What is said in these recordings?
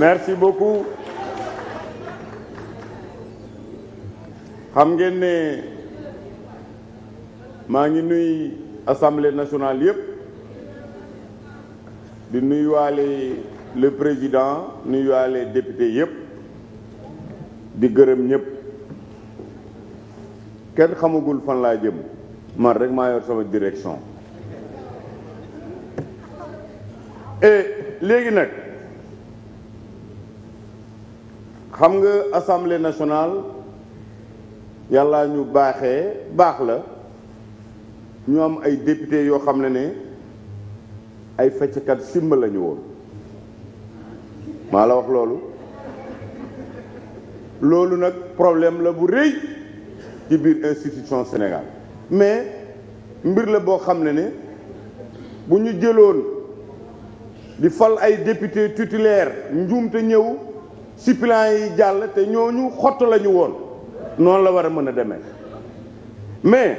merci beaucoup xam ngeen ne maa ngi nuy assemblée nationale yëpp di waale le président nuyuwaale député yëpp di gërëm ñëpp kenn xamagul fan laa jëm man rek maa sama direction et léegi nag. xam nga assemblée nationale yàlla ñu baaxe baax la ñu am ay député yoo xam ne ne ay fecckat simba la ñu woon maa la wax loolu loolu nag problème la bu rëy ci biir institution Sénégal mais mbir la boo xam ne ne bu ñu jëloon di fal ay député titulaire njuumte ñëw suppléant yi jàll te ñooñu xott la ñu woon noonu la war a mën a demee mais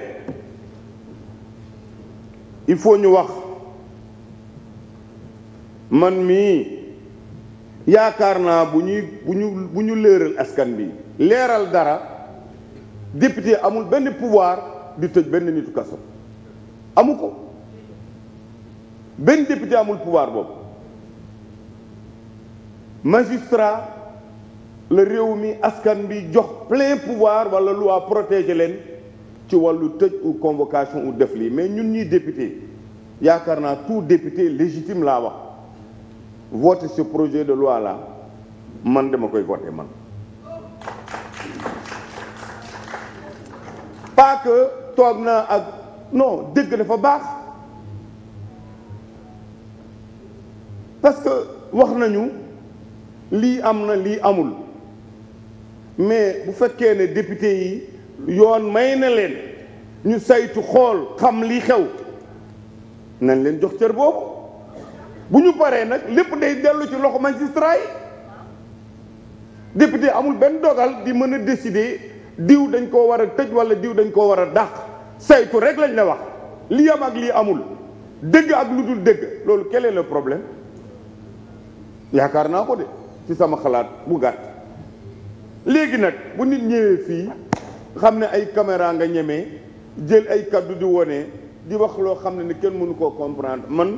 il faut ñu wax man mii yaakaar naa bu ñuy bu ñu bu ñu leeral askan bi leeral dara député amul benn pouvoir di tëj benn nitu kaso amu ko benn député amul pouvoir boobu magistrat la réew mi askan bi jox plein pouvoir wala loi protéger leen ci wàllu tëj ou convocation ou def lii mais ñun ñuy député yaakaar naa tout député légitime laa wax voter ce projet de loi là man dama koy voter man pas que toog naa ak non dëgg dafa baax parce que wax nañu lii am na lii amul mais bu fekkee ne député yi yoon may na leen ñu saytu xool xam li xew nañ leen jox cër boobu bu ñu paree nag lépp day dellu ci loxo magistrat yi député amul benn dogal di mën a décider diw dañ koo war a tëj wala diw dañ koo war a dàq saytu rek lañ la wax lii am ak lii amul dëgg ak lu dul dëgg loolu quel est problème yaakaar naa ko de ci sama xalaat bu gàtt léegi nag bu nit ñëwee fii xam ne ay caméra nga ñemee jël ay kàddu di wone di wax loo xam ne ni kenn mënu koo comprendre man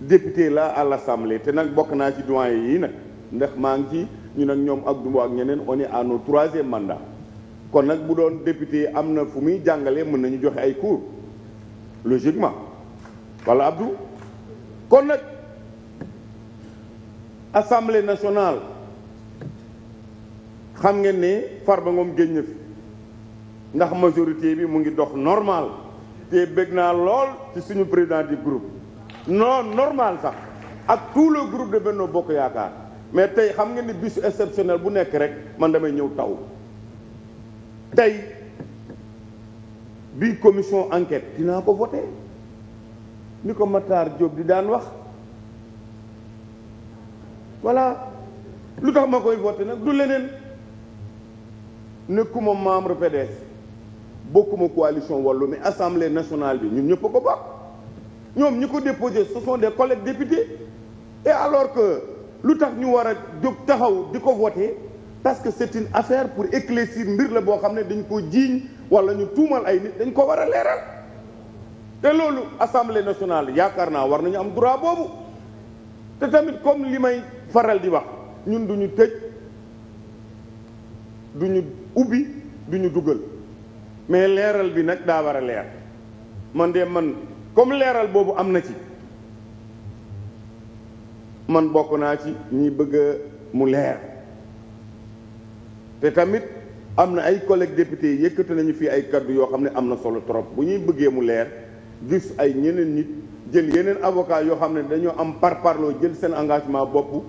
député la à l'Assemblée te nag bokk naa ci doyen yi nag ndax maa ngi ci ñu nag ñoom ak Dumbo ak ñeneen on est à troisième mandat kon nag bu doon député am na fu muy jàngalee mën nañu joxe ay cours logiquement walla Abdou kon nag Assemblée nationale xam ngeen ni Farba ba génn na fi ndax majorité bi mu ngi dox normal te bëgg naa lool ci suñu président du groupe noo normal sax ak tout le groupe de Benno Bokk Yaakaar mais tey xam ngeen ne bisu exceptionnel bu nekk rek man damay ñëw taw tey bi commission enquête dinaa ko voté ni ko Matar Diop di daan wax voilà lu tax ma koy voté nag du leneen nekkuma membre PDS bokkuma coalition wallu mais assemblée nationale bi ñu ñëpp ko bokk ñoom ñi ko déposé ce sont des collègues et alors que lu tax ñu war a jóg taxaw di ko voté parce que c'est une affaire pour éclaircir mbir la boo xam ne dañ ko jiiñ wala ñu tuumal ay nit dañ ko war a leeral te loolu assemblée nationale yaakaar naa war nañu am droit boobu te tamit comme li may faral di wax ñun duñu tëj du ñu ubbi du ñu dugal mais leeral bi nag daa war a leer man de man comme leeral boobu am na ci man bokk naa ci ñi bëgg mu leer te tamit am na ay collègues députés yëkkati nañu fii ay kaddu yoo xam ne am na solo trop bu ñuy bëggee mu leer gis ay ñeneen nit jël yeneen avocat yoo xam ne dañoo am par parloo jël seen engagement bopp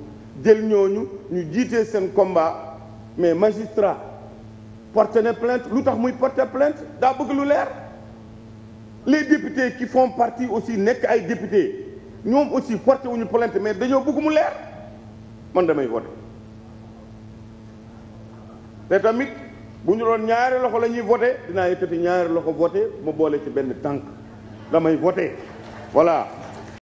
jël ñooñu ñu jiitee seen combat mais magistrat porte ne plainte lu tax muy porte plainte daa bëgg lu leer les députés qui font partie aussi nekk ay députés ñoom aussi porte wuñu plainte mais dañoo bëgg mu leer man damay voté te tamit bu ñu doon ñaari loxo la ñuy voté dinaa yëkkati ñaari loxo voté ma boole ci benn tànk damay voté voilà